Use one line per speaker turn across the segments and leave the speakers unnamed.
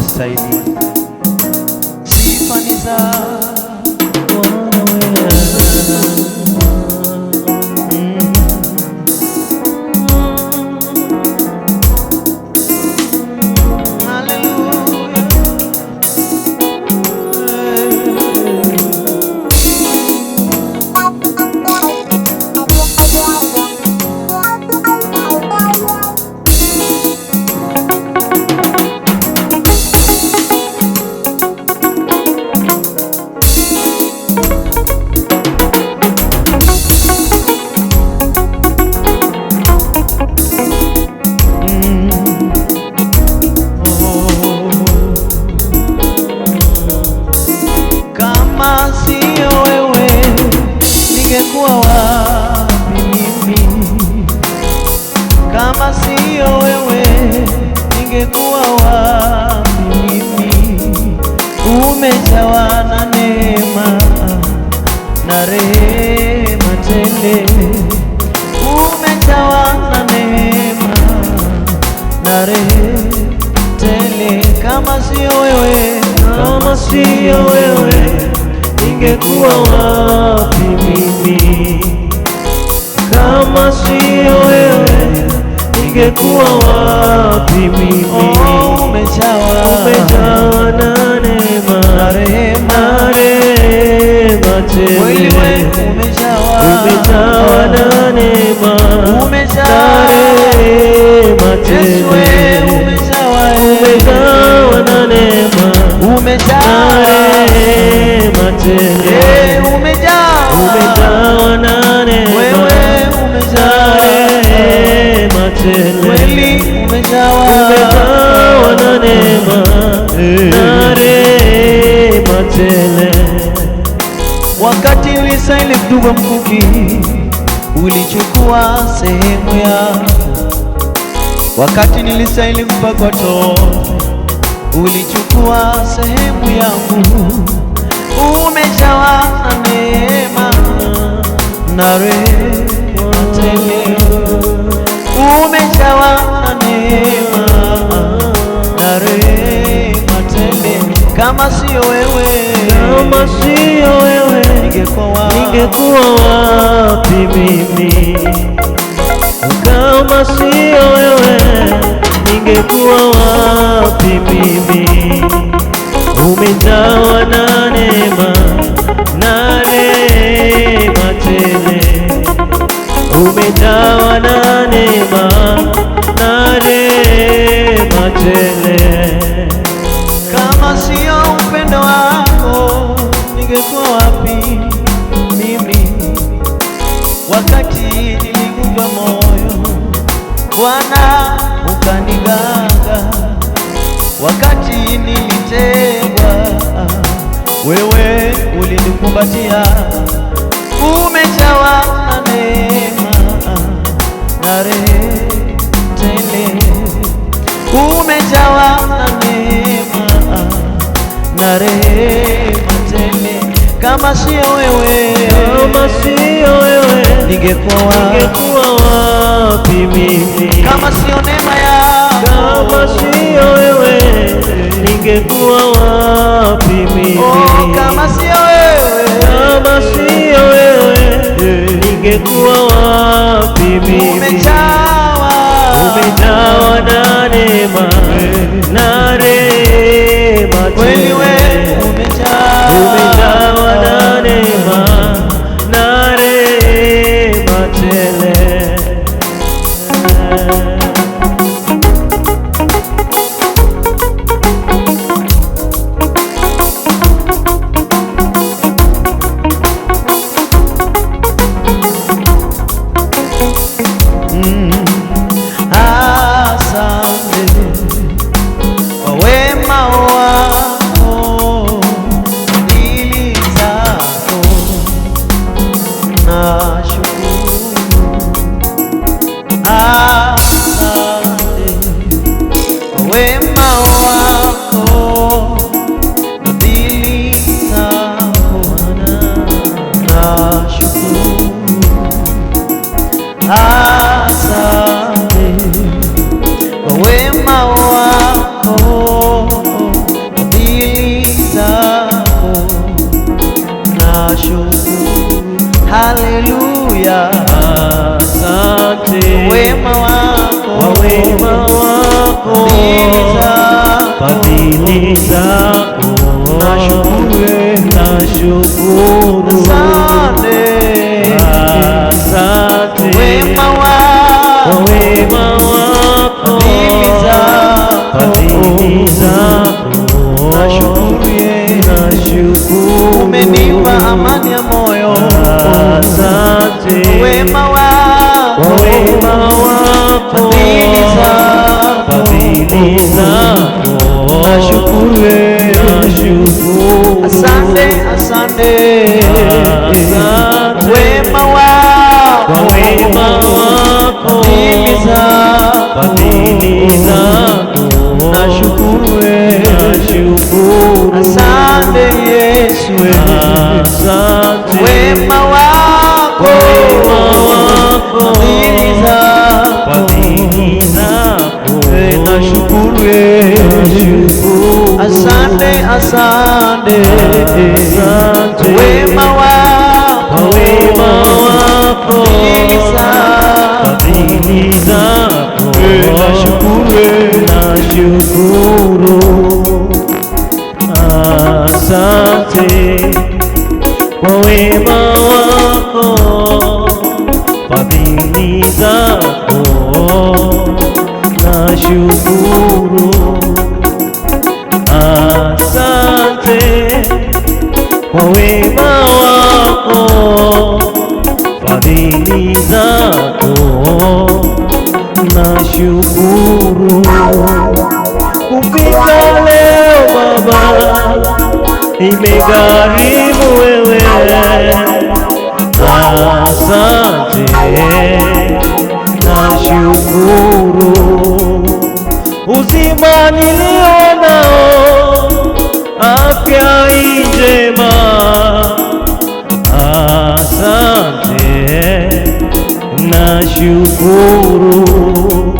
kuwasaidia. Sifa ni za Sio wewe, ningekuwa wapi mimi? Kama sio wewe, ningekuwa wapi mimi? Oh, umejawa na neema na rehema tele, umejawa na neema umejaa matende, umejawa nane matende, umejawa na neema nare matele. Wakati Lisa ile mduba mkuki ulichukua sehemu ya wakati nilisaili mpakwato ulichukua sehemu yangu, umejawa na neema na rehema tele, umejawa na neema na rehema tele. Kama sio wewe, kama sio wewe, ningekuwa wapi mimi? Kama sio wewe ningekuwa wapi mimi? Umejawa na neema na rehema tele, umejawa na neema na rehema tele. Kama sio upendo wako ningekuwa wapi mimi? Wakati nilikufa moyo Bwana wakati nilitegwa, wewe ulinikumbatia, umejawa na neema na rehema tele, umejawa na neema na rehema tele. Kama sio wewe, kama sio wewe, ningekuwa ningekuwa wapi mimi? Kama sio neema ya kama sio wewe ningekuwa wapi mimi? Oh, kama sio wewe, kama sio wewe ningekuwa wapi mimi? Umejawa, umejawa na neema na rehema kweli wewe enough. nashukuru asante kwa wema wako fadhili zako nashukuru umenipa amani ya moyo asante wema wako wema wako fadhili zako nashukuru asante, asante, wema wako, wema wako fadhili zako nashukuru, nashukuru, asante Yesu, asante wema wako, wema wako fadhili zako nashukuru, nashukuru, asante asante, asante wema wako wema wako fadhili zako nashukuru asante kwa wema wako fadhili zako nashukuru nimegharimu wewe, asante na shukuru, uzima nilio nao, afya njema, asante na shukuru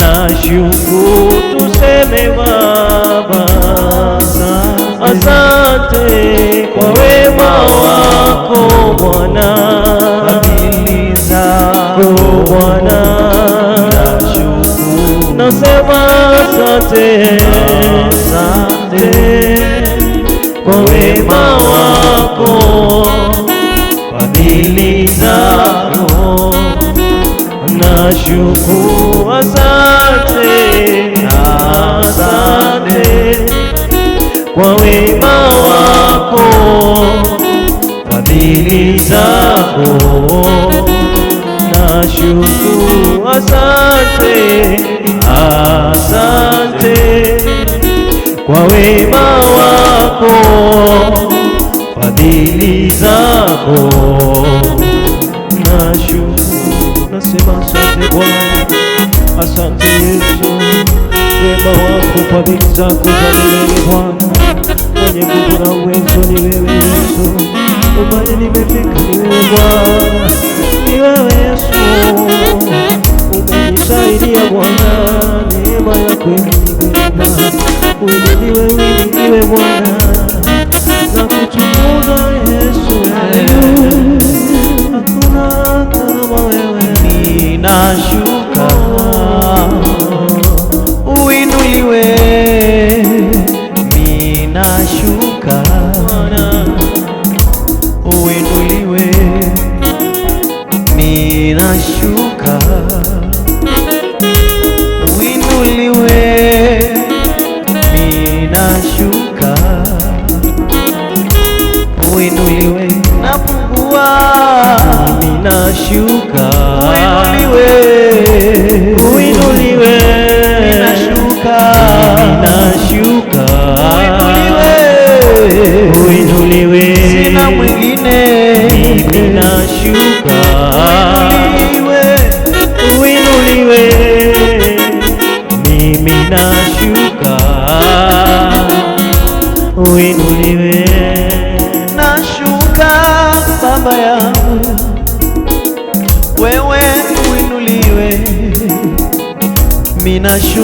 na shuku tuseme Baba, asante kwa wema wako Bwana, Bwana nasema asante, asante kwa wema wako fadhili Mungu asante, asante kwa wema wako, fadhili zako nashukuru. Asante, asante kwa wema wako, fadhili zako nashukuru. Nasema asante Bwana, asante Yesu, wema wako kwa bili zako za milele Bwana, mwenye nguvu na uwezo ni wewe Yesu, umbali nimefika ni wewe Bwana, ni wewe Yesu, umenisaidia Bwana, neema yako imenibeba, uinuliwe uinuliwe Bwana, nakutukuza Yesu, hakuna unashuka uinuliwe, minashuka uinuliwe, minashuka uinuliwe, minashuka uinuliwe, napungua nashuka, uinuliwe, uinuliwe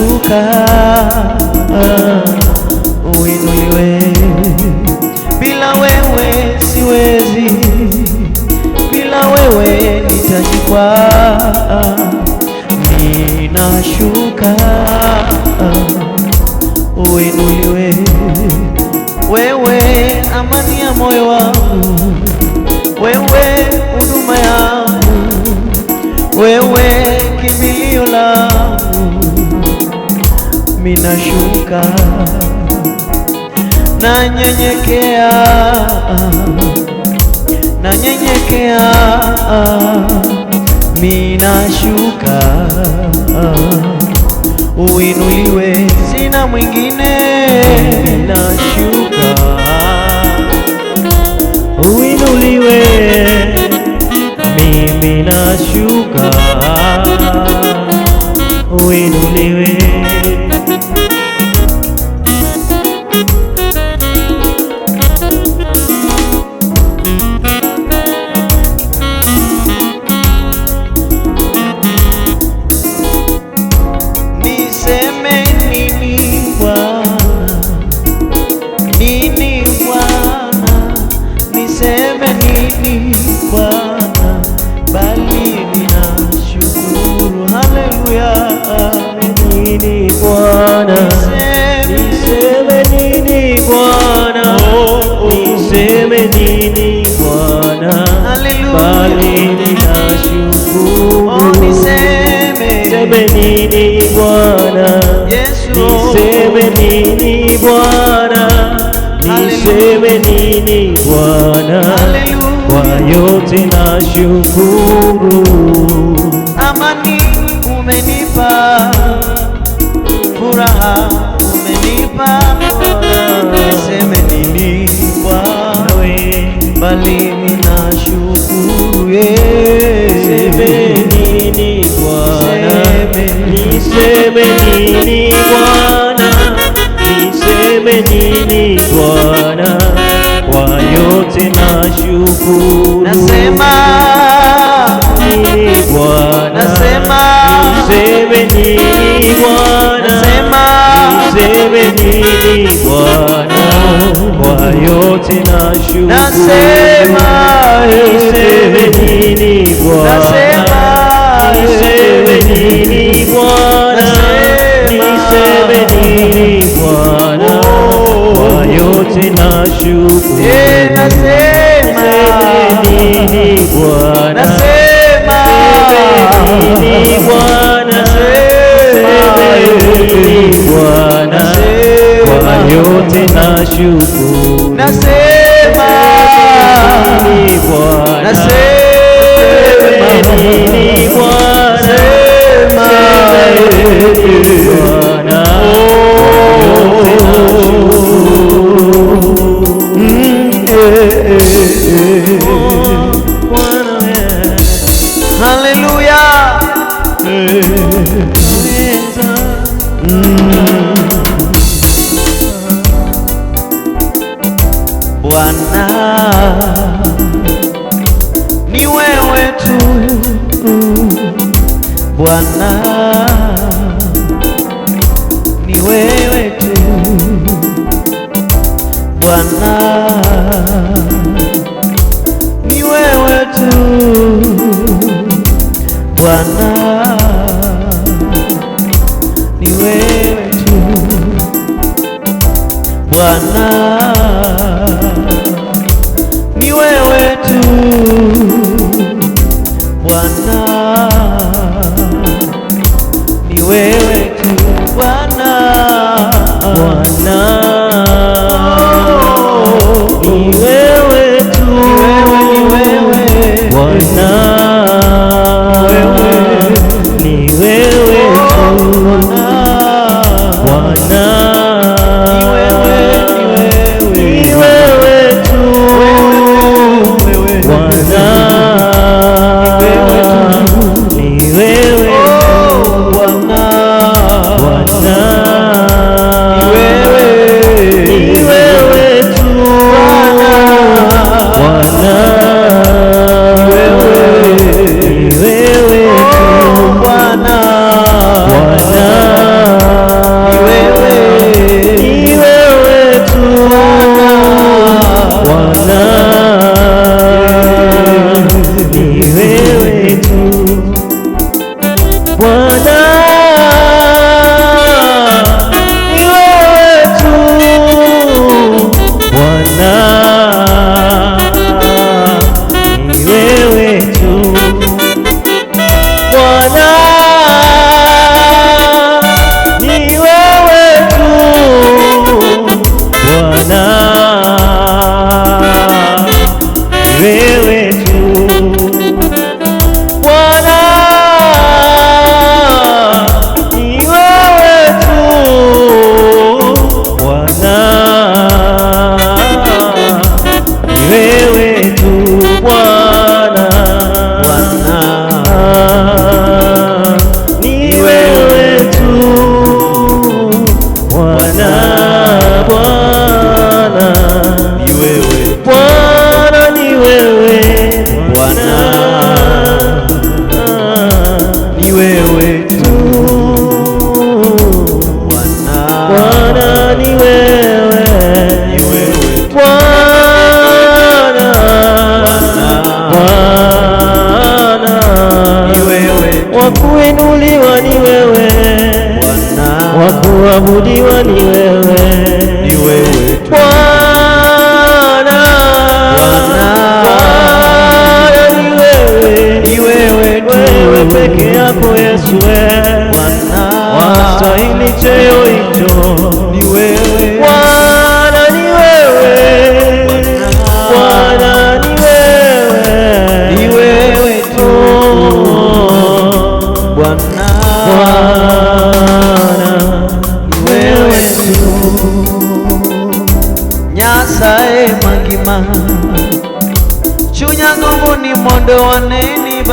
kuinuka uinuliwe. Ah, bila wewe siwezi, bila wewe nitajikwa, ninashuka uinuliwe. Ah, wewe amani ya moyo wangu, wewe huduma yangu, wewe kimbilio langu minashuka nanyenyekea, nanyenyekea, minashuka uinuliwe, sina mwingine, nashuka uinuliwe, mimi nashuka uinuliwe Niseme nini Bwana, niseme nini Bwana, kwa yote na shukuru. Amani umenipa, furaha umenipa, niseme nini Bwana, bali mimi na shukuru niseme nini Bwana, niseme Mungu nasema, nini ee Bwana nasema, useme nini Bwana nasema, useme nini Bwana kwa yote na shukuru nasema, useme nini Bwana nasema, useme nini Bwana niseme nini Bwana kwa yote na shukuru ee, yote na shukuru, nasema nasema no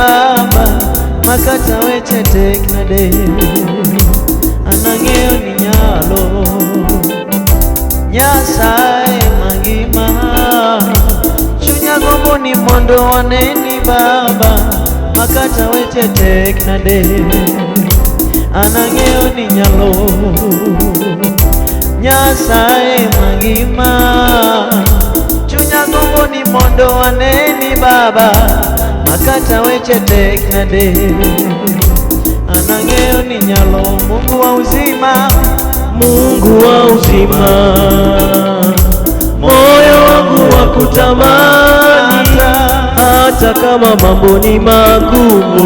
baba makata weche tek nade an ni nyalo Nyasaye mangima chunya gombo ni mondo waneni baba makata weche tek nade anangeyo ni nyalo Nyasaye mangima chunya gombo ni mondo waneni baba akata weche tek nade anang'eyo ni nyalo Mungu wa uzima Mungu wa uzima moyo wangu wa kutamani hata kama mambo ni magumu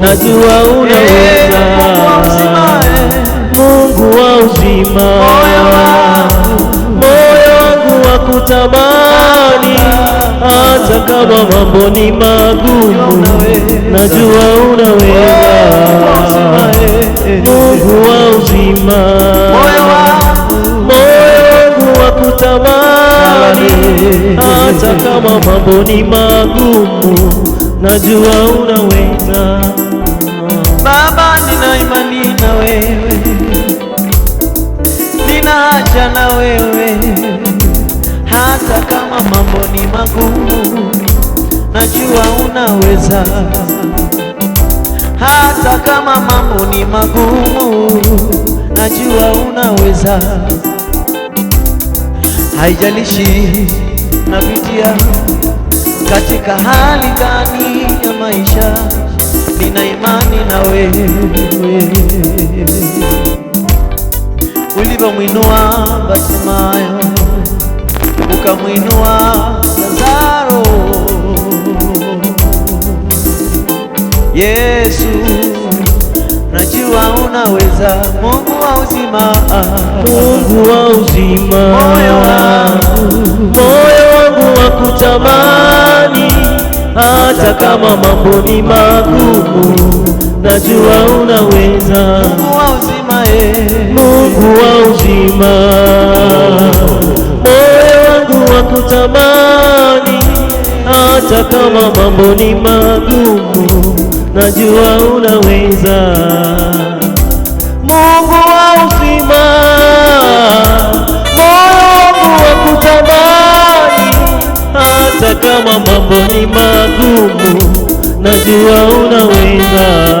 najua unaweza Mungu wa uzima moyo wangu kutamani hata kama mambo ni magumu, najua unaweza. Mungu wa uzima, moyo wa kutamani hata kama mambo ni magumu, najua unaweza. Baba, nina imani na wewe, nina haja na wewe hata kama mambo ni magumu, najua unaweza. Hata kama mambo ni magumu, najua unaweza. Haijalishi napitia katika hali gani ya maisha, nina imani na wewe. Ulivyomwinua Bartimayo ukamwinua Lazaro. Yesu, najua unaweza, Mungu wa uzima, Mungu wa uzima, moyo wangu, moyo wangu wakutamani, hata kama mambo ni magumu, najua unaweza, Mungu wa uzima, eh. Mungu wa uzima wa kutamani, hata kama mambo ni magumu, najua unaweza. Mungu wa uzima, moyo wangu wa kutamani, hata kama mambo ni magumu, najua unaweza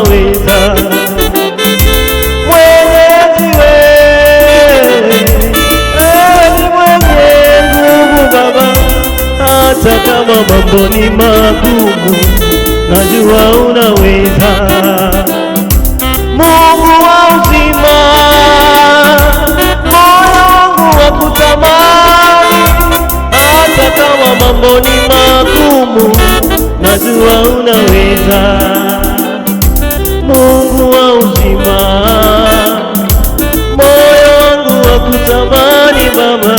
unaweza Mwenyezi wewe, ni mwenye nguvu Baba, hata kama mambo ni magumu, najua unaweza. Mungu wa uzima, moyo wangu wa kutamani, hata kama mambo ni magumu, najua unaweza uzima, moyo wangu wa kutamani Baba,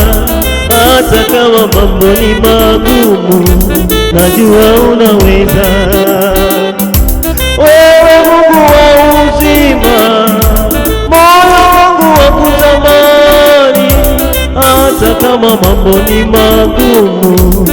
hata kama mambo ni magumu, najua unaweza wewe, Mungu wa uzima, moyo wangu wa kutamani hata kama mambo ni magumu